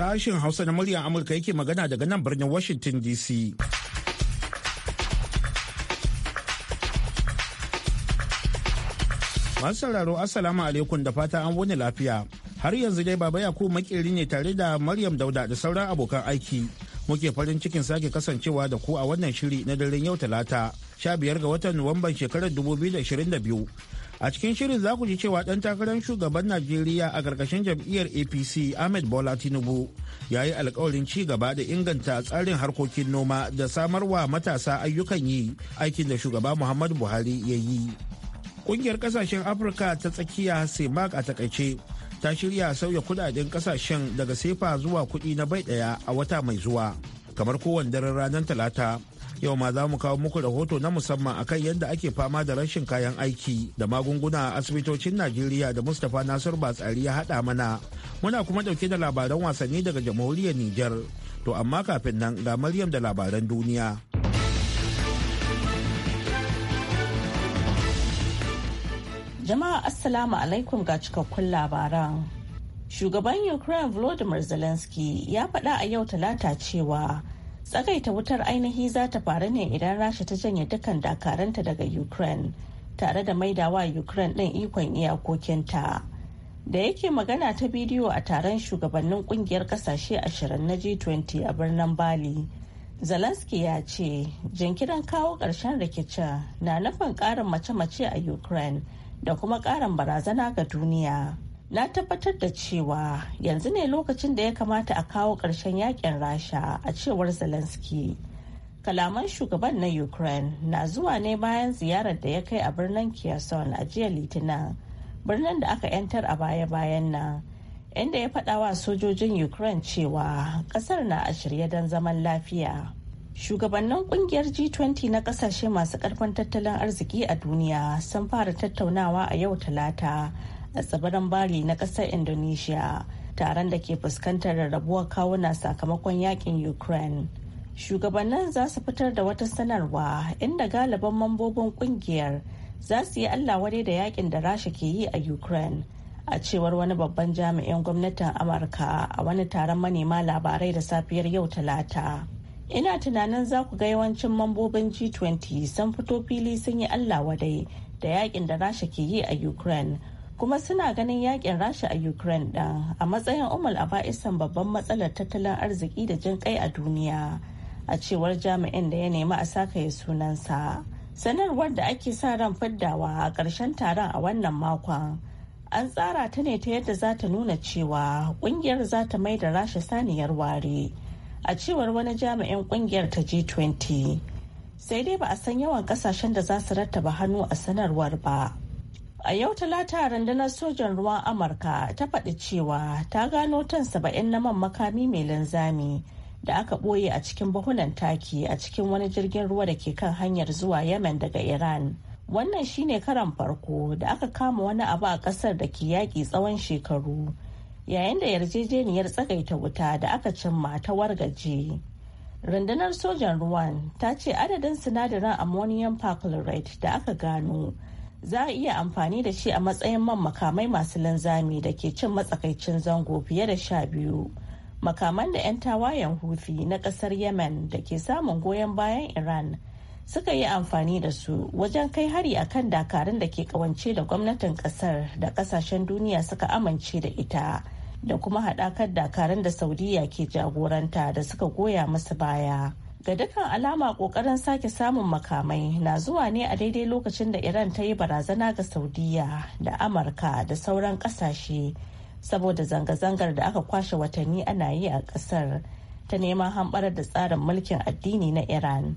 Sashen Hausa na muryar Amurka yake magana daga nan birnin Washington DC. Masu sauraro Assalamu alaikum da fata an wani lafiya. Har yanzu dai Baba Yakubu makeri ne tare da Maryam Dauda da sauran abokan aiki. muke farin cikin sake kasancewa da ku a wannan shiri na daren yau talata 15 ga watan nuwamban shekarar 2022 a cikin shirin za ku ji cewa dan takarar shugaban najeriya a ƙarƙashin jam'iyyar apc ahmed bola tinubu ya yi alkawarin ci gaba da inganta tsarin harkokin noma da samarwa matasa ayyukan yi aikin da shugaba muhammadu buhari ya yi kungiyar kasashen afirka ta tsakiya semak a takaice ta shirya sauya kudaden kasashen daga sefa zuwa kudi na bai daya a wata mai zuwa kamar kowane daren ranar talata yau ma za mu kawo muku rahoto na musamman akan yadda ake fama da rashin kayan aiki da magunguna a asibitocin najeriya da mustapha nasir batsari ya haɗa mana muna kuma ɗauke da labaran wasanni daga jamhuriyar niger to amma kafin nan ga maryam da labaran duniya jama'a assalamu alaikum ga cikakkun labaran shugaban ukraine volodymyr zelensky ya faɗa a yau talata cewa tsagaita wutar ainihi za ta faru ne idan rasha ta janye dukkan dakaranta daga ukraine tare da maidawa ukraine ɗin ikon iyakokinta da yake magana ta bidiyo a taron shugabannin kungiyar kasashe ashirin na g20 a birnin bali zelensky ya ce jinkirin kawo ƙarshen rikicin na nufin ƙarin mace-mace a ukraine da kuma ƙarin barazana ga duniya. na tabbatar da cewa yanzu ne lokacin da ya kamata a kawo ƙarshen yakin rasha a cewar zelensky kalaman shugaban na ukraine na zuwa ne bayan ziyarar da ya kai a birnin kherson a jiya litinin birnin da aka 'yantar a baya-bayan nan inda ya faɗa wa sojojin ukraine cewa ƙasar na a shirye don zaman lafiya shugabannin kungiyar g20 na kasashe masu ƙarfin tattalin arziki a duniya sun fara tattaunawa a yau talata a tsibirin bali na kasar indonesia taron da ke fuskantar rarrabuwar kawuna sakamakon yakin ukraine shugabannin za su fitar da wata sanarwa inda galiban mambobin kungiyar za su yi allah wadai da yakin da rasha ke yi a ukraine a cewar wani babban jami'in gwamnatin amurka a wani taron manema labarai da safiyar yau talata ina tunanin za ku ga yawancin mambobin g20 sun fito fili sun yi allah wadai da yakin da rasha ke yi a ukraine kuma suna ganin yakin rasha a ukraine ɗin a matsayin umar aba'isan babban matsalar tattalin arziki da jin kai a duniya a cewar jami'in da ya nemi a saka ya sunansa sanarwar da ake sa ran fiddawa a ƙarshen taron a wannan makon an tsara ta ne ta yadda za ta nuna cewa kungiyar za ta mai da rasha saniyar ware a cewar wani jami'in kungiyar ta g20 sai dai ba a san yawan kasashen da za su rattaba hannu a sanarwar ba A yau talata rundunar sojan ruwan Amurka ta faɗi cewa ta gano tan saba'in na man makami mai linzami da aka ɓoye a cikin bahunan taki a cikin wani jirgin ruwa da ke kan hanyar zuwa Yemen daga Iran. Wannan shine karan farko da aka kama wani abu a ƙasar da ke yaƙi tsawon shekaru yayin da yarjejeniyar tsagaita wuta da aka cimma ta wargaje. Rundunar sojan ruwan ta ce adadin sinadarin ammonium perchlorate da aka gano za a iya amfani da shi a matsayin man makamai masu linzami da ke cin matsakaicin zango fiye da sha biyu makaman da 'yan tawayen hufi na kasar yemen da ke samun goyon bayan iran suka yi amfani da su wajen kai hari a kan dakarun da ke kawance da gwamnatin kasar da kasashen duniya suka amince da ita da kuma haɗakar dakarun da saudiya ke jagoranta da suka goya masu baya. ga dukkan alama kokarin sake samun makamai na zuwa ne a daidai lokacin da iran ta yi barazana ga saudiya da amurka da sauran kasashe saboda zanga-zangar da aka kwashe watanni ana yi a kasar ta neman hamɓarar da tsarin mulkin addini na iran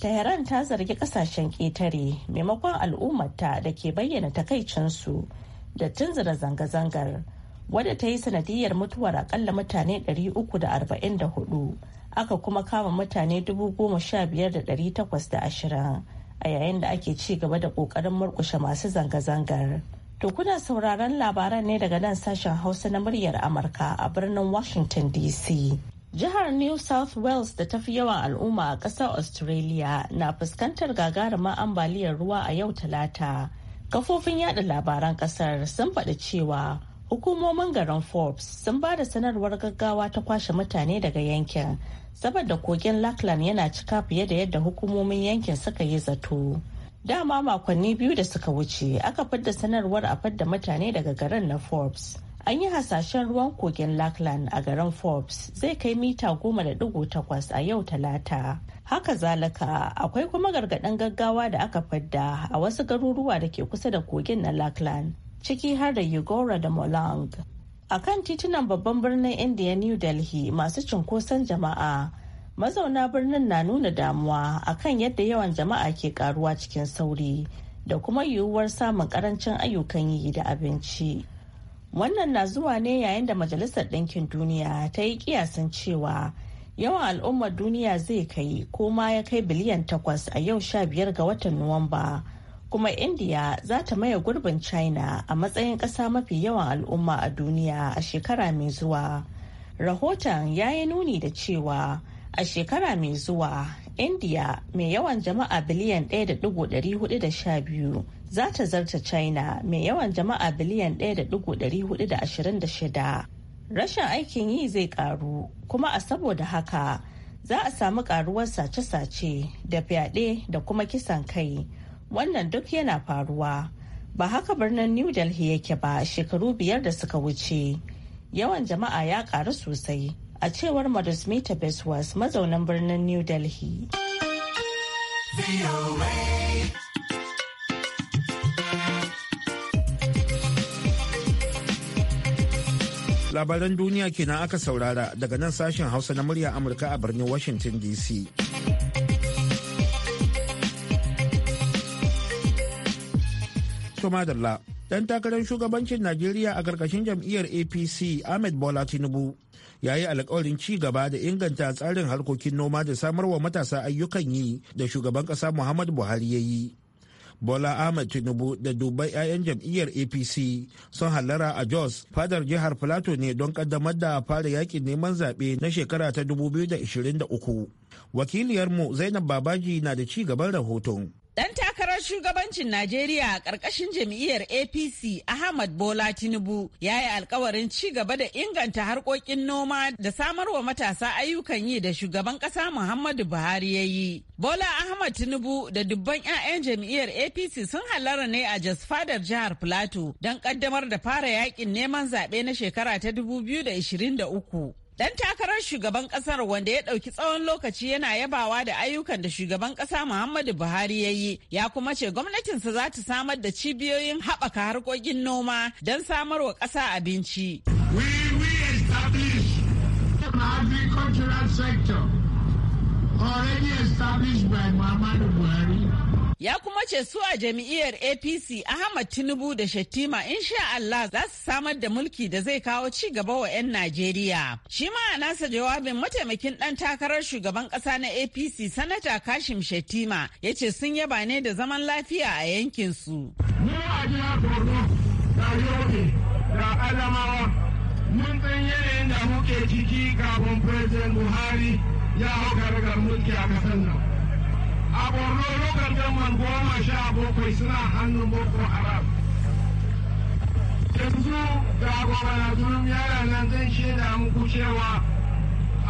tehran ta zargi kasashen ƙetare maimakon al'ummarta da ke bayyana takaicinsu da tunzura zanga-zangar wadda ta yi sanadiyar mutuwar akalla mutane 344 aka kuma kama mutane dubu goma sha biyar da ɗari takwas da ashirin a yayin da ake ci gaba da ƙoƙarin murƙushe masu zanga-zangar. To sauraron labaran ne daga nan sashen Hausa na muryar Amurka a birnin Washington DC. Jihar New South Wales da tafi yawan al'umma a ƙasar Australia na fuskantar gagarumin ambaliyar ruwa a yau talata. Kafofin yada labaran ƙasar sun faɗi cewa Hukumomin garin Forbes sun ba da sanarwar gaggawa ta kwashe mutane daga yankin, saboda kogin Laklan yana cika fiye da yadda hukumomin yankin suka yi zato. Dama makonni biyu da suka wuce aka fidda sanarwar a fidda mutane daga garin na Forbes. An yi hasashen ruwan kogin Laklan a garin Forbes zai kai mita goma da digo takwas a yau talata. Haka zalika akwai kuma gargaɗin gaggawa da aka fidda a wasu garuruwa da ke kusa da kogin na Laklan ciki har da Yugora da Molang. A kan titunan babban birnin India New Delhi masu cunkoson jama'a, mazauna birnin na nuna damuwa akan yadda yawan jama'a ke karuwa cikin sauri da kuma yiwuwar samun karancin ayyukan yi da abinci. Wannan na zuwa ne yayin da Majalisar Ɗinkin Duniya ta yi kiyasin cewa yawan al'ummar duniya zai kai ko ma ya kai biliyan takwas a yau sha biyar ga watan Nuwamba. kuma india za ta maye gurbin china a matsayin ƙasa mafi yawan al'umma a duniya a shekara mai zuwa rahoton ya yi nuni da cewa a shekara mai zuwa india mai yawan jama'a biliyan 1.412 za ta zarta china mai yawan jama'a biliyan 1.426 rashin aikin yi zai karu kuma a saboda haka za a samu karuwar sace-sace da fyaɗe da kuma kisan kai wannan duk yana faruwa ba haka birnin new delhi yake ba shekaru biyar da suka wuce yawan jama'a ya karu sosai a cewar madusmita beswas mazaunan birnin new delhi labaran duniya kenan aka saurara daga nan sashen hausa na murya amurka a birnin washington dc Dalla. ɗan takarar shugabancin Najeriya a ƙarƙashin jam'iyyar APC Ahmed Bola Tinubu ya yi alkawarin ci gaba da inganta tsarin harkokin noma da samarwa matasa ayyukan yi da shugaban ƙasa muhammad Buhari ya yi. Bola Ahmed Tinubu da dubai 'ya'yan jam'iyyar APC sun hallara a Jos fadar jihar Plateau ne don kaddamar da fara yakin neman zaɓe na shekara ta 2023. Wakiliyarmu Zainab Babaji na da ci gaban rahoton. shugabancin Najeriya a ƙarƙashin jam'iyyar APC Ahmad Bola Tinubu ya yi alkawarin ci gaba da inganta harkokin noma da samarwa matasa ayyukan yi da shugaban ƙasa Muhammadu Buhari ya yi. Bola Ahmad Tinubu da dubban 'ya'yan jam'iyyar APC sun hallara ne a Jos Fadar jihar Plateau don ƙaddamar da fara yakin neman zaɓe na shekara ta 2023. Dan takarar shugaban kasar wanda ya ɗauki tsawon lokaci yana yabawa da ayyukan da shugaban kasa Muhammadu Buhari ya yi, ya kuma ce gwamnatinsa za ta samar da cibiyoyin haɓaka harkokin noma don samar wa ƙasa abinci. We, we establish agricultural sector ya kuma ce su a jam'iyyar apc ahmad tinubu da in sha allah za su samar da mulki da zai kawo ci gaba wa 'yan najeriya shi ma a nasa jawabin mataimakin ɗan takarar shugaban ƙasa na apc sanata kashim Shettima ya ce sun yaba ne da zaman lafiya a yankin su mun san yanayin da muke ciki kafin president buhari ya hauka daga mulki a kasar nan a borno lokacin gamman goma sha bakwai suna hannun boko haram yanzu ga gwamnatun yara nan zan shaida muku cewa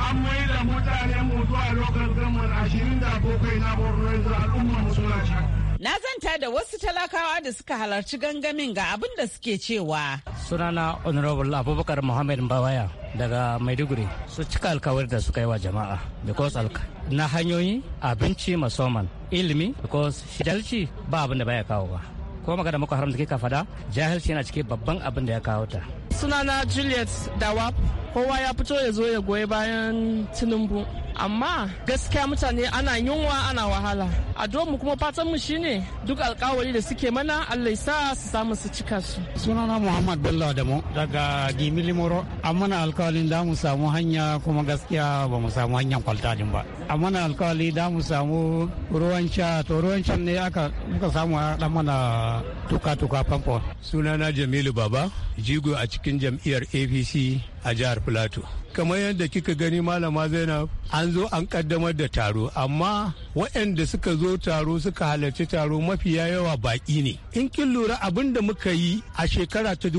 an mai da mutane mutuwa lokacin gamman ashirin da bakwai na borno yanzu al'umma musulunci Na zanta da wasu talakawa da suka halarci gangamin ga abin da suke cewa. Sunana Honorable Abubakar Muhammad Bawaya daga Maiduguri su cika alkawar da suka yi wa jama'a because na hanyoyi abinci musamman ilimi because shidalci ba abin da baya kawo ba. ko magana muka haram da kika fada jahilci yana cike babban abin da ya kawo ta sunana juliet dawap kowa ya fito ya zo ya goyi bayan tinubu amma gaskiya mutane ana yunwa ana wahala a mu kuma fatan mu shine duk alkawari da suke mana Allah sa su samu su cika su sunana Muhammad Bello Adamu daga Gimili Moro amma alkawarin da mu samu hanya kuma gaskiya ba mu samu hanyar kwalta din ba a mana alkawali da mu samu ruwan sha to ruwan sha ne aka muka samu a dan mana tuka-tuka famfo. Sunana Jamilu Baba, jigo a cikin jam'iyyar APC a jihar Filato. kamar yadda kika gani malama zainab an zo an kaddamar da taro amma waɗanda suka zo taro suka halarci taro mafi yawa baƙi ne in kin lura abin da muka yi a shekara ta da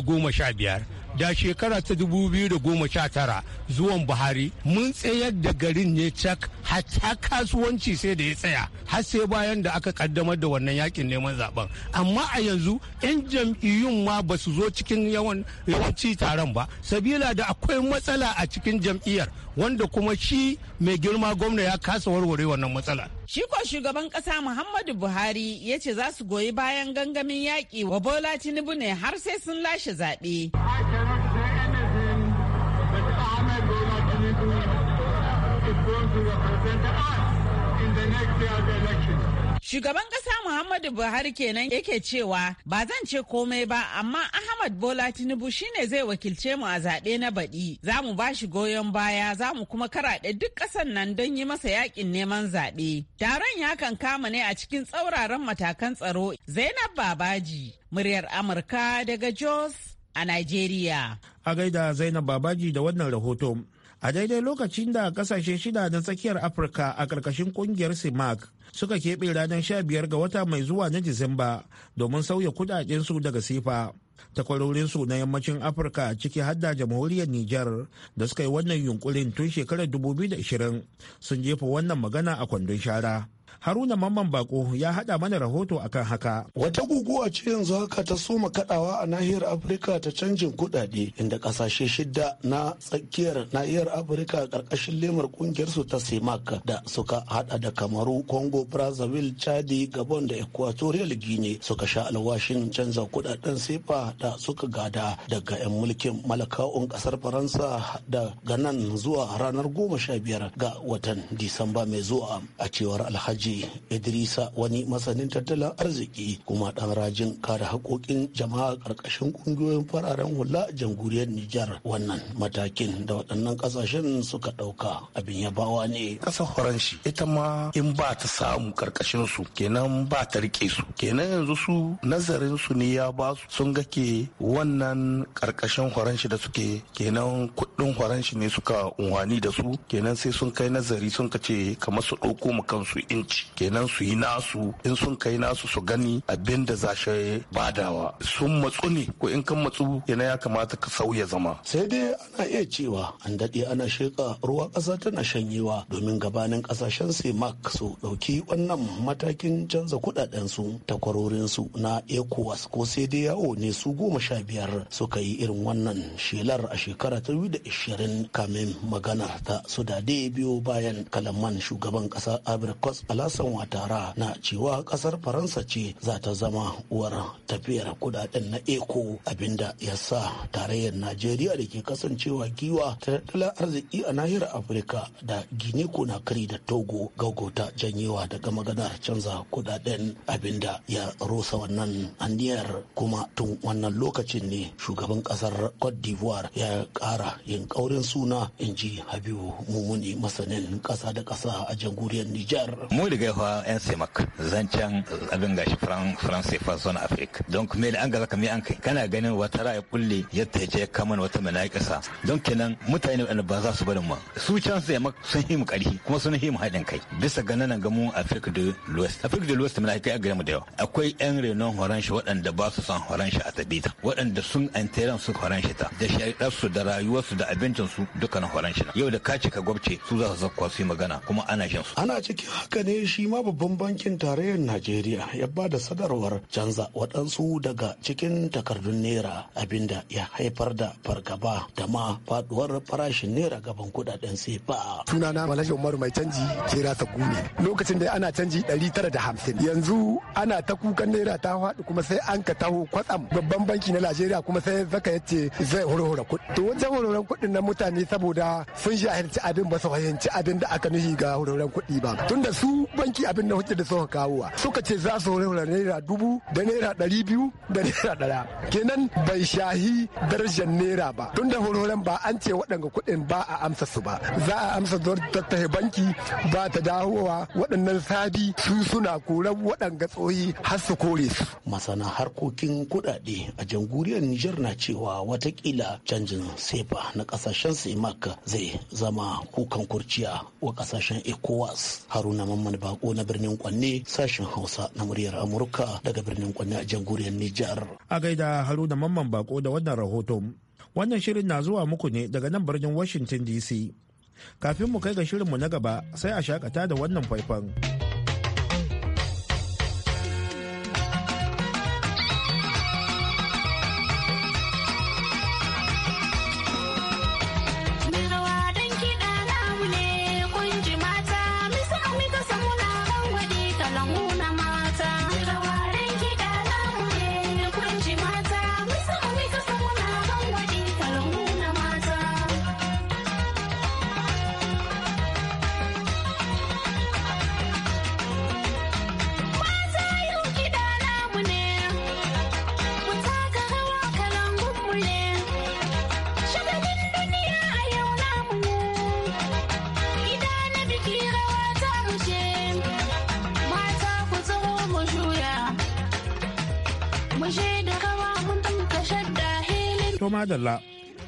goma sha biyar. da shekara ta da goma sha tara zuwan buhari mun tsayar da garin ne cak hatta kasuwanci sai da ya tsaya har sai bayan da aka kaddamar da wannan yakin neman zaben amma a yanzu 'yan jam'iyyun ma ba su zo cikin yawan yawanci taron ba sabila da akwai matsala a cikin jam'iyyar wanda kuma shi mai girma gwamna ya kasa warware wannan matsalar Shi ko shugaban ƙasa Muhammadu Buhari ya ce za su goyi bayan gangamin yaƙi wa Bola Tinubu ne har sai sun lashe zaɓe. Ahmed to represent Shugaban ƙasa Muhammadu Buhari kenan yake cewa ba zan ce komai ba amma Ahmad Bola Tinubu shine zai wakilce mu a zaɓe na baɗi. Za mu ba shi goyon baya za mu kuma karaɗe duk ƙasan nan don yi masa yaƙin neman zaɓe. Taron ya kan kama ne a cikin tsauraran matakan tsaro Zainab Babaji, muryar Amurka daga Jos a Najeriya. A gaida Zainab Babaji da wannan rahoton. a daidai lokacin da kasashe shida na tsakiyar afirka a ƙarƙashin ƙungiyar simak suka keɓe ranar sha biyar ga wata mai zuwa na disamba domin sauya kudadensu daga sifa takwarorinsu na yammacin afirka ciki hadda jamhuriyar Nijar da suka yi wannan yunkurin tun shekarar 2020 sun jefa wannan magana a kwandon shara Haruna Mamman Bako ya haɗa mana rahoto akan haka. Wata guguwa ce yanzu haka ta soma kaɗawa a nahiyar Afirka ta canjin kuɗaɗe inda ƙasashe shida na tsakiyar nahiyar Afirka ƙarƙashin lemar ƙungiyar su ta CEMAC da suka haɗa da Kamaru, Congo, Brazzaville, Chad, Gabon da Equatorial Guinea suka sha alwashin canza kuɗaɗen sefa da suka gada daga 'yan mulkin malaka'un ƙasar Faransa daga nan zuwa ranar goma sha biyar ga watan Disamba mai zuwa a cewar Alhaji Alhaji Idrisa wani masanin tattalin arziki kuma dan rajin kare haƙoƙin jama'a ƙarƙashin ƙungiyoyin fararen hula a jamhuriyar Nijar wannan matakin da waɗannan ƙasashen suka ɗauka abin ya bawa ne. Ƙasar Faranshi ita ma in ba ta samu ƙarƙashin su kenan ba ta riƙe su kenan yanzu su nazarin su ne ya ba su sun ga ke wannan ƙarƙashin Faranshi da suke kenan kuɗin Faranshi ne suka unwani da su kenan sai sun kai nazari sun ka ce kamar su ɗauko mu kansu in kenan su yi nasu in sun kai nasu su gani abin da za badawa sun matsu ne ko in kan matsu yana ya kamata ka sauya zama sai dai ana iya cewa an daɗe ana sheka ruwa ƙasa tana shanyewa domin gabanin ƙasashen semak su ɗauki wannan matakin canza kuɗaɗensu takwarorinsu na ecowas ko sai dai yawo ne su goma sha biyar suka yi irin wannan shelar a shekara ta da ishirin kamin magana ta su dade biyo bayan kalaman shugaban ƙasa abrikos ala Alasan Watara na cewa kasar Faransa ce za ta zama uwar tafiyar kudaden na eko abinda ya sa tarayyar Najeriya da ke kasancewa giwa ta tattalin arziki a nahiyar Afirka da na Conakry da Togo gaugauta janyewa daga maganar canza kudaden abinda ya rusa wannan aniyar kuma tun wannan lokacin ne shugaban kasar Cote d'Ivoire ya kara yin kaurin suna in ji Habibu Mumuni masanin kasa da kasa a jamhuriyar Nijar. riga fa yan semak zancen abin gashi france fa zone afrique don kuma an gaza kamar an kai kana ganin wata ra'ayi kulle yadda ya je kaman wata kasa don kenan mutane wanda ba za su barin ma su can sai mak sun himu karhi kuma sun himu haɗin kai bisa ga nan ga afrique de l'ouest afrique de l'ouest muna kai a mu da yawa akwai yan renon horon shi waɗanda ba su san horon shi a tabita waɗanda sun an teran su horon shi ta da shari'arsu da rayuwarsu da abincinsu dukkanin horon shi yau da ka cika gwabce su za su zakwa su yi magana kuma ana jin su ana cikin haka ne ne shi ma babban bankin tarayyar najeriya ya ba da sadarwar canza waɗansu daga cikin takardun naira abinda ya haifar da fargaba da ma faduwar farashin naira gaban kudaden sefa sunana malashin umaru mai canji kera ta gune lokacin da ana canji ɗari tara da hamsin. yanzu ana ta kukan naira ta faɗi kuma sai an ka taho kwatsam babban banki na najeriya kuma sai zaka yace zai horhora kuɗi to wajen horhoran kuɗin na mutane saboda sun jahilci abin ba su fahimci abin da aka nuhi ga horhoran kuɗi ba tunda su banki abin da wace da suka kawowa suka ce za su hura naira dubu da naira ɗari biyu da naira ɗaya kenan bai shahi darajar naira ba tun da hororen ba an ce waɗanga kuɗin ba a amsa su ba za a amsa zuwa tattahe banki ba ta dawowa waɗannan sabi su suna koran waɗanga tsohi har su kore su. masana harkokin kuɗaɗe a jamhuriyar nijar na cewa watakila canjin sefa na ƙasashen semak zai zama kukan kurciya wa ƙasashen ecowas haruna mamman wani Bako na birnin Kwanne sashen Hausa na muryar Amurka daga birnin Kwanne a jamhuriyar Nijar. A gaida Haruna Mamman Bako da wannan rahoto. Wannan shirin na zuwa muku ne daga nan birnin Washington DC. Kafin mu kai ga shirinmu na gaba sai a shakata da wannan faifan. To madalla.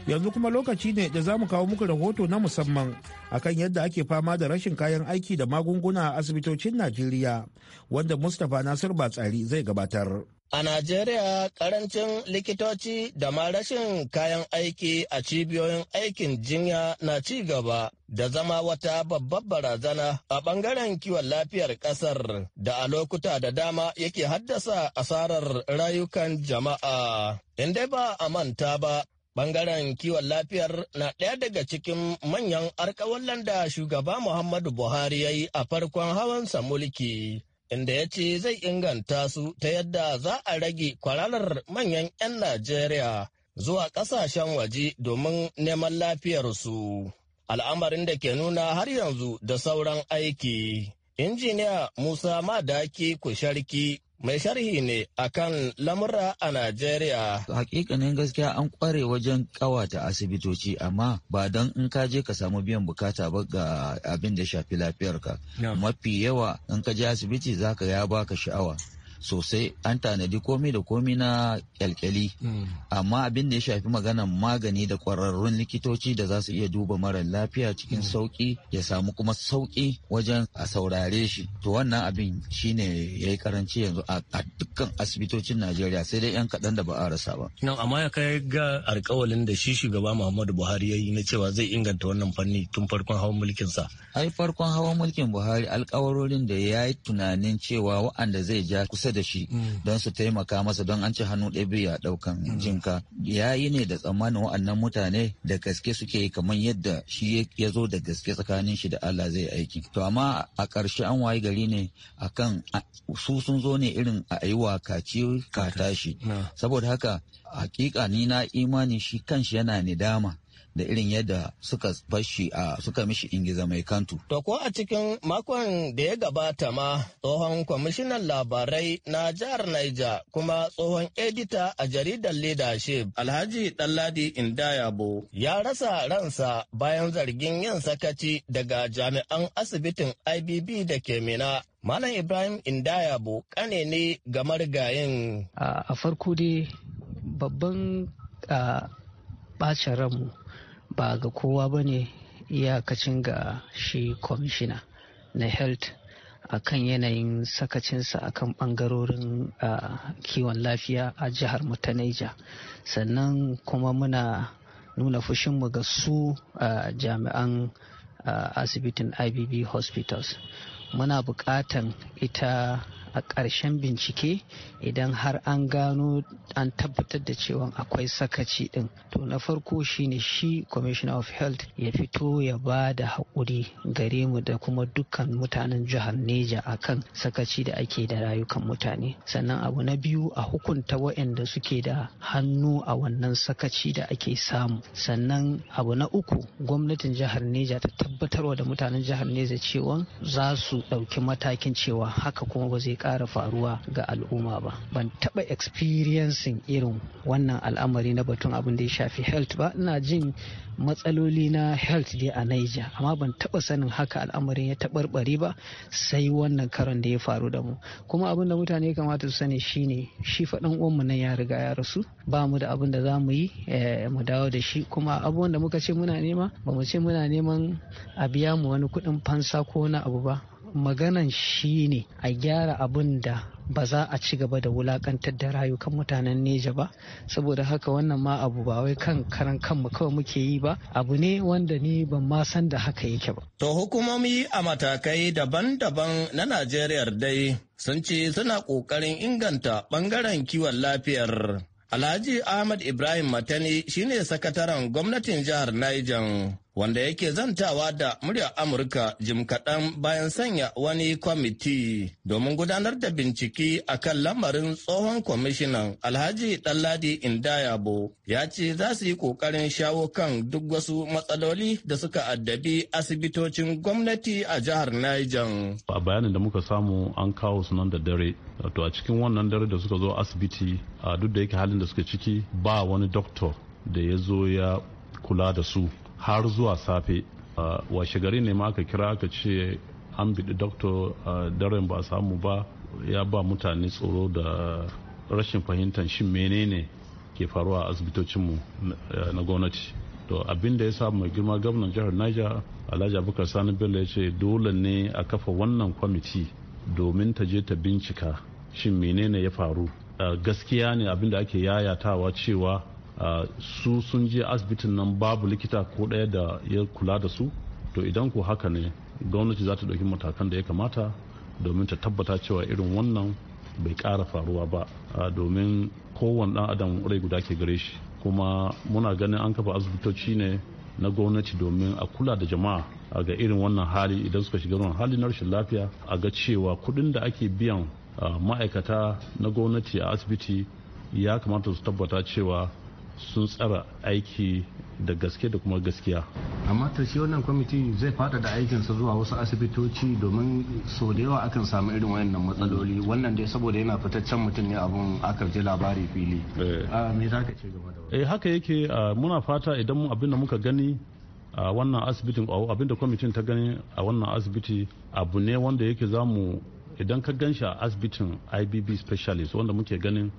Yanzu kuma lokaci ne da za mu kawo muku rahoto na musamman akan yadda ake fama da rashin kayan aiki da magunguna a asibitocin Najeriya wanda Mustapha Nasir Batsari zai gabatar. A Najeriya, karancin likitoci da ma rashin kayan aiki a cibiyoyin aikin jinya na ci gaba da zama wata babbar barazana a ɓangaren kiwon lafiyar ƙasar da a lokuta da dama yake haddasa asarar rayukan jama'a. In dai ba a manta ba, Bangaren kiwon lafiyar na ɗaya daga cikin manyan alkawallan da shugaba Muhammadu Buhari ya yi a farkon hawansa mulki. inda ya ce zai inganta su ta yadda za a rage kwararar manyan 'yan Najeriya zuwa ƙasashen waje domin neman lafiyarsu. Al'amarin da ke nuna har yanzu da sauran aiki. Injiniya Musa Madaki Kusharki mai sharhi ne akan lamura a Najeriya. Hakikanin gaskiya an kware wajen kawata asibitoci amma ba don in ka je ka samu biyan bukata ba ga abin da shafi lafiyarka. Mafi yawa in ka je asibiti ka ya baka sha'awa. sosai an tanadi komi da komi na kyalkyali hmm. amma abin da ya shafi maganan magani da kwararrun likitoci da za su iya duba mara lafiya cikin hmm. sauki ya samu kuma sauki wajen a saurare shi to wannan abin shine ya yi karanci yanzu a dukkan asibitocin najeriya sai dai yan kaɗan da ba a rasa ba amma ya kai ga alkawalin da shi shugaba muhammadu buhari ya yi na cewa zai inganta wannan fanni tun farkon hawan mulkin sa. ai farkon hawan mulkin buhari alkawarorin da ya yi tunanin cewa wa'anda zai ja kusa da shi mm. don su taimaka masa don an ci hannu ɗaya biyu a ɗaukan mm. jinka ya yi ne da tsammanin wa'annan mutane da gaske suke yi kamar yadda shi ya zo da gaske tsakanin shi da Allah zai aiki to amma a ƙarshe an wayi gari ne akan su sun zo ne irin a yi kaci ka tashi saboda haka hakika ni na imani shi kanshi yana nidama da irin yadda suka fashi a suka mishi ingiza mai kantu. To ko a cikin makon da ya gabata ma tsohon kwamishinan labarai na jihar Niger kuma tsohon edita a jaridar leadership Alhaji Ɗanladi Indayabo ya rasa ransa bayan zargin yin sakaci daga jami'an asibitin IBB da ke Mina Malam Ibrahim Indayabo kane ne ga marigayin. A farko dai babban ɓacin ranmu ba ga kowa ba ne iyakacin ga shi kwamishina na health a kan yanayin sakacinsa a kan bangarorin kiwon lafiya a jihar Mutaneja, Sannan kuma muna nuna fushinmu ga su jami'an asibitin IBB hospitals. Muna bukatan ita a ƙarshen bincike idan har an gano an tabbatar da cewa akwai sakaci din to na farko shine shi commissioner of health ya fito ya ba da haƙuri gare mu da kuma dukkan mutanen jihar neja akan sakaci da ake da rayukan mutane sannan abu na biyu a hukunta waɗanda suke da hannu a wannan sakaci da ake samu sannan abu na uku gwamnatin jihar neja ta tabbatarwa da mutanen jihar neja cewa za su ɗauki matakin cewa haka kuma ba zai ƙara faruwa ga al'umma ba ban taɓa experiencing irin wannan al'amari na batun abin da ya shafi health ba ina jin matsaloli na health dai a Niger amma ban taɓa sanin haka al'amarin ya taɓarɓare ba sai wannan karon da ya faru da mu kuma abin da mutane kamata su sani shine shi faɗan mu nan ya riga ya rasu ba mu da abin da za mu yi eh, mu dawo da shi kuma abubuwan da muka ce muna nema ba mu ce muna neman a biya mu wani kuɗin fansa ko na abu ba maganan shi ne a gyara abin da ba za a ci gaba da wulakantar da rayukan mutanen neja ba saboda haka wannan ma abu ba wai kan karan kanmu kawai muke yi ba abu ne wanda ni ban ma san da haka yake ba to hukumomi a matakai daban-daban na najeriya dai sun ce suna kokarin inganta bangaren kiwon lafiyar alhaji ahmad ibrahim matani shine sakataren gwamnatin jihar niger wanda yake zantawa da muryar Amurka jim kaɗan bayan sanya wani kwamiti domin gudanar da bincike a kan lamarin tsohon kwamishinan Alhaji Ɗanladi Indayabo ya ce za su yi ƙoƙarin shawo kan duk wasu matsaloli da suka addabi asibitocin gwamnati a jihar Niger. A bayanin da muka samu an kawo su nan da dare, to a cikin wannan dare da suka zo asibiti duk da yake halin da suka ciki ba wani doktor da ya zo ya kula da su har zuwa safe washe gari ne ma aka kira ka ce an biɗi doktor daren ba samu ba ya ba mutane tsoro da rashin fahimtar shin menene ke faruwa a asibitocinmu na gwamnati to abin da ya samu mai girma gwamnan jihar niger alhaji abubakar sani bello ya ce dole ne a kafa wannan kwamiti domin ta je ta bincika shin menene ya faru gaskiya ne abin da ake yayatawa cewa su sun je asibitin nan babu likita ko ɗaya da ya kula da su to idan ko haka ne gwamnati za ta ɗauki matakan da ya kamata domin ta tabbata cewa irin wannan bai kara faruwa ba domin kowane ɗan adam rai guda ke gare shi kuma muna ganin an kafa asibitoci ne na gwamnati domin a kula da jama'a a ga irin wannan hali idan suka shiga wannan hali na rashin lafiya a ga cewa kuɗin da ake biyan ma'aikata na gwamnati a asibiti ya kamata su tabbata cewa sun tsara aiki da gaske da kuma gaskiya amma shi wannan kwamiti zai fada da aikinsa zuwa wasu asibitoci domin sau da yawa akan samu irin wayannan matsaloli wannan dai saboda yana fitaccen mutum ne abun aka ji labari fili eh. me za ka ce game da wani eh, haka yake muna fata idan mu abin da muka gani a wannan asibitin abin da kwamitin ta gani a wannan asibiti abu ne wanda yake zamu idan ka gan shi a asibitin ibb specialist wanda muke ganin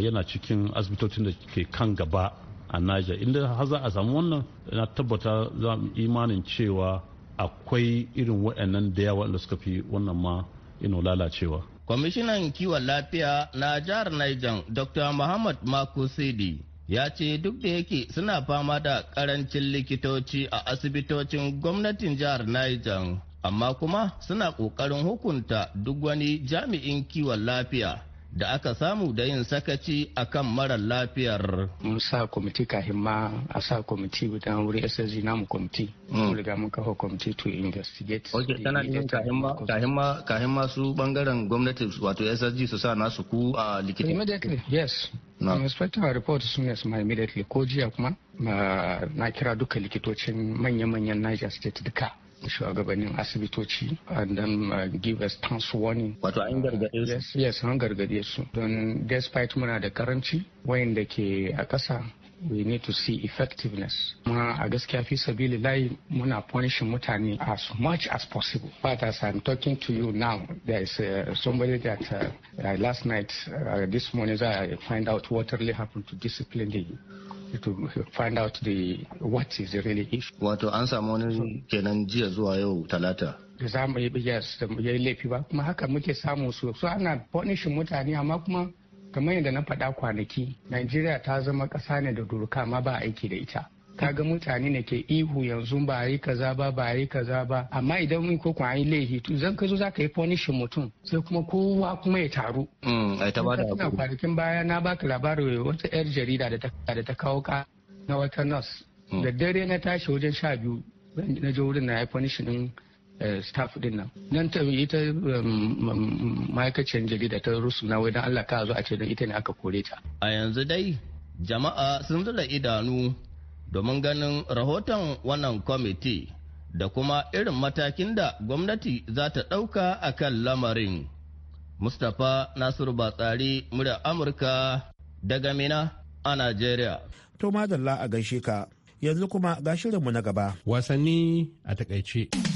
yana cikin asibitocin da ke kan gaba a niger inda har za a samu wannan na tabbata za mu imanin cewa akwai irin waɗannan da yawa da suka fi wannan ma ino lalacewa kwamishinan kiwon lafiya na jihar niger dr muhammad mako sidi ya ce duk da yake suna fama da karancin likitoci a asibitocin gwamnatin jihar niger amma kuma suna ƙoƙarin hukunta duk wani jami'in kiwon lafiya da aka samu da yin sakaci a kan marar lafiyar. Mun sa kwamiti kafin ma a sa kwamiti guda wuri SSG namu kwamiti. Mun hmm. riga mun kafa kwamiti to investigate. Ok, tana yin kahin ma kahin ma su bangaren gwamnati wato SSG su sa nasu ku a likita. Immediately, yes. No. I'm expecting a report as soon as my immediately ko jiya kuma na kira duka likitocin manya-manyan Niger State duka. shugabannin asibitoci and then uh, give us chance warning. Wato an gargaɗe su? Yes, yes an gargaɗe su. Don despite muna da karanci wayanda ke a ƙasa we need to see effectiveness Ma a gaskiya fi sabili layi muna punishin mutane as much as possible but as i'm talking to you now there is uh, somebody that uh, uh, last night uh, this morning i find out what really happened to discipline the to find out the what is the really issue. Wato an samu wani kenan jiya zuwa yau talata. Da za mu yi yes da yi laifi ba kuma haka muke samu su so ana punishin mutane amma kuma kamar yadda na faɗa kwanaki Najeriya ta zama ƙasa ne da doka ma ba aiki da ita. Ka ga mutane ne ke ihu yanzu ba yi kaza ba ba yi kaza ba amma idan mun ko an laifi to zan ka zo za ka yi punishin mutum sai kuma kowa kuma ya taru. Mm, Ina kwanakin baya na baka labarin wata 'yar jarida da ta kawo ka na wata nurse. Mm. Da dare na tashi wajen sha biyu na je wurin na yi punishin din eh, staff din nan. Nan ta yi ta um, um, ma'aikaciyar jarida ta rusu na wai don Allah ka zo a ce don ita ne aka kore ta. A yanzu dai jama'a sun zura idanu domin ganin rahoton wannan kwamiti da kuma irin matakin da gwamnati za ta ɗauka a kan lamarin. Mustapha Nasiru Batsari, murya Amurka daga Mina a Najeriya. To madalla a gaishe ka, yanzu kuma ga shirinmu na gaba. Wasanni a takaice.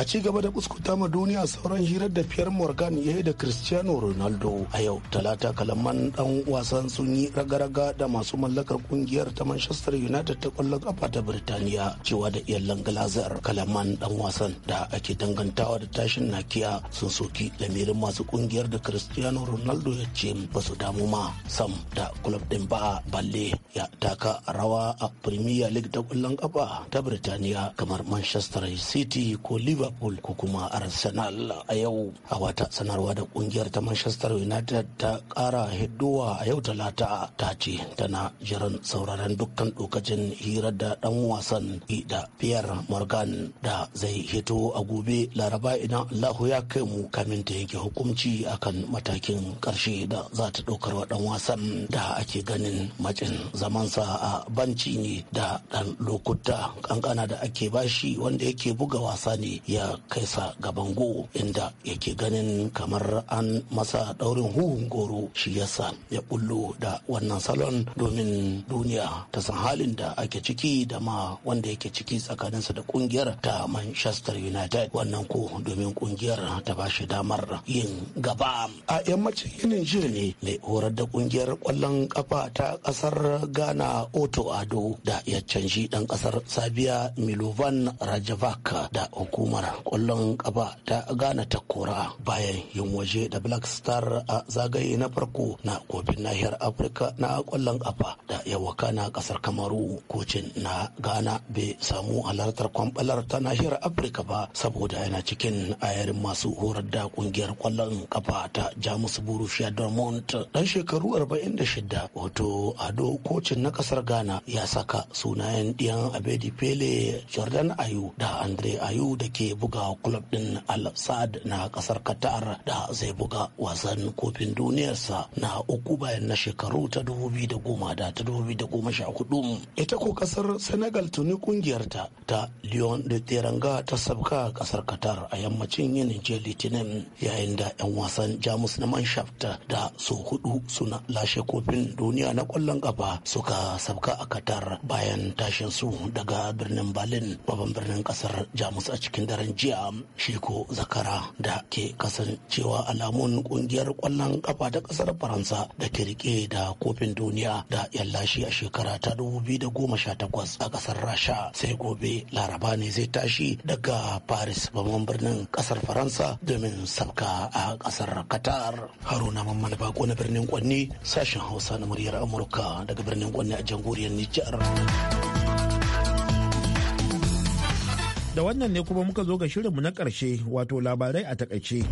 a ci gaba da kuskuta ma duniya sauran hirar da fiyar morgan ya da cristiano ronaldo a yau talata kalaman dan wasan sun yi ragaraga da masu mallakar kungiyar ta manchester united ta kwallon kafa ta birtaniya cewa da iyalan langalazar kalaman dan wasan da ake dangantawa da tashin nakiya sun soki lamirin masu kungiyar da cristiano ronaldo ya ce ba su damu ma sam da club din ba balle ya taka rawa a premier league ta kwallon kafa ta birtaniya kamar manchester city ko liverpool liverpool ko kuma arsenal a yau a wata sanarwa da kungiyar ta manchester united ta kara hidduwa a yau talata ta ce tana jiran sauraron dukkan dokacin hirar da dan wasan da pierre morgan da zai hito a gobe laraba idan allahu ya kai mu kamin ta yanke hukunci akan matakin karshe da za ta daukar wa dan wasan da ake ganin macin zamansa a banci ne da dan lokuta kankana da ake bashi wanda yake buga wasa ne ya ya kaisa gaban go inda yake ganin kamar an masa daurin huhun goro shi yasa ya bullo da wannan salon domin duniya ta san halin da ake ciki da ma wanda yake ciki tsakaninsa da kungiyar ta manchester united wannan ko domin kungiyar ta ba shi damar yin gaba a yammacin yinin jiya ne mai horar da kungiyar kwallon kafa ta kasar ghana oto ado da ya canji dan kasar Sabi'a, milovan rajavak da hukumar kwallon Kaba ta Ghana ta kora bayan yin waje da Black Star a zagaye na farko na kofin nahiyar Afirka na kwallon kafa da yawaka na kasar Kamaru kocin na Ghana bai samu halartar kwambalar ta nahiyar Afirka ba saboda yana cikin ayarin masu horar da kungiyar kwallon kafa ta Jamus Borussia Dortmund dan shekaru 46 wato Ado kocin na kasar Ghana ya saka sunayen diyan Abedi Pele Jordan Ayu da Andre Ayu da ke buga kulob din al saad na kasar qatar da zai buga wasan kofin duniyarsa na uku bayan na shekaru ta 2010 da 2014 ita ko kasar senegal tuni kungiyarta ta lyon de teranga ta sabka kasar qatar a yammacin yin jiya litinin yayin da 'yan wasan jamus na manshaft da su hudu suna lashe kofin duniya na kwallon kafa suka sabka a qatar bayan tashin su daga birnin berlin babban birnin kasar jamus a cikin daren jiya sheko zakara da ke kasancewa alamun kungiyar kwallon kafa ta kasar faransa da ke rike da kofin duniya da yallashi a shekara ta 2018 a kasar rasha sai gobe laraba ne zai tashi daga paris babban birnin kasar faransa domin sabka a kasar qatar haruna mamman bako na birnin kwanni sashen hausa na muryar amurka daga birnin kwanni a jamhuriyar nijar da wannan ne kuma muka zo ga shirinmu na ƙarshe wato labarai a takaice.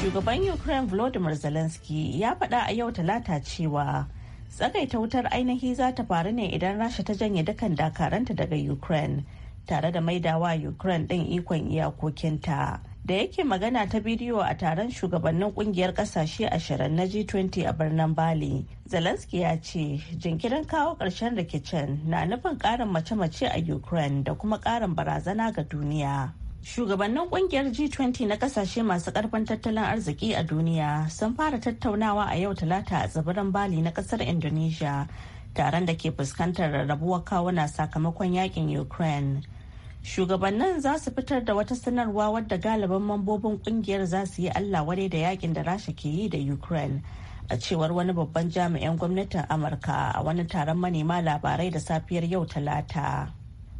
shugaban ukraine volodymyr zelensky ya faɗa a yau talata cewa tsagaita wutar ainihi za ta faru ne idan rasha ta janye dukkan dakaranta daga ukraine tare da maidawa ukraine ɗin ikon iyakokinta da yake magana ta bidiyo a taron shugabannin kungiyar kasashe ashirin na G20 a birnin Bali. Zelensky ya ce jinkirin kawo ƙarshen rikicin na nufin ƙarin mace-mace a Ukraine da kuma ƙarin barazana ga duniya. Shugabannin kungiyar G20 na kasashe masu karfin tattalin arziki a duniya sun fara tattaunawa a yau talata a tsibirin Bali na kasar Indonesia taron da ke fuskantar rarrabuwar kawuna sakamakon yakin Ukraine. shugabannin za su fitar da wata sanarwa wadda galiban mambobin kungiyar za su yi allah wadai da yakin da rasha ke yi da ukraine a cewar wani babban jami'an gwamnatin amurka a wani taron manema labarai da safiyar yau talata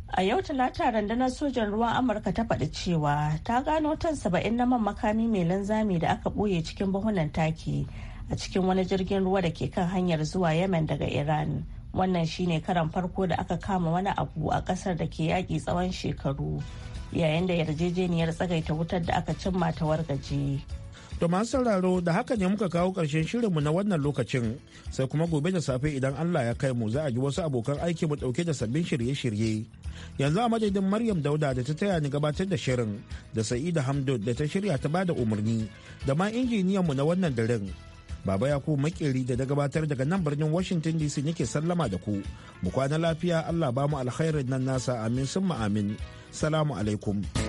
a yau talata rundunar sojan ruwan amurka ta faɗi cewa ta gano tan saba'in na man makami mai linzami da aka ɓoye cikin buhunan taki a cikin wani jirgin ruwa da ke kan hanyar zuwa yemen daga iran wannan shine karan farko da aka kama wani abu a kasar da ke yaƙi tsawon shekaru yayin da yarjejeniyar tsagaita wutar da aka cimma ta wargaje. To masu sauraro da haka ne muka kawo ƙarshen shirinmu na wannan lokacin sai kuma gobe da safe idan Allah ya kai mu za a ji wasu abokan aiki mu ɗauke da sabbin shirye-shirye. Yanzu a madadin Maryam Dauda da ta taya ni gabatar da shirin da Sa'ida hamdu da ta shirya ta bada umarni da ma injiniyanmu na wannan daren. Baba Yakubu Makeri da da gabatar daga nan birnin Washington DC nake sallama da ku. Mu kwana lafiya Allah ba mu alkhairin nan nasa amin summa amin. Salamu alaikum.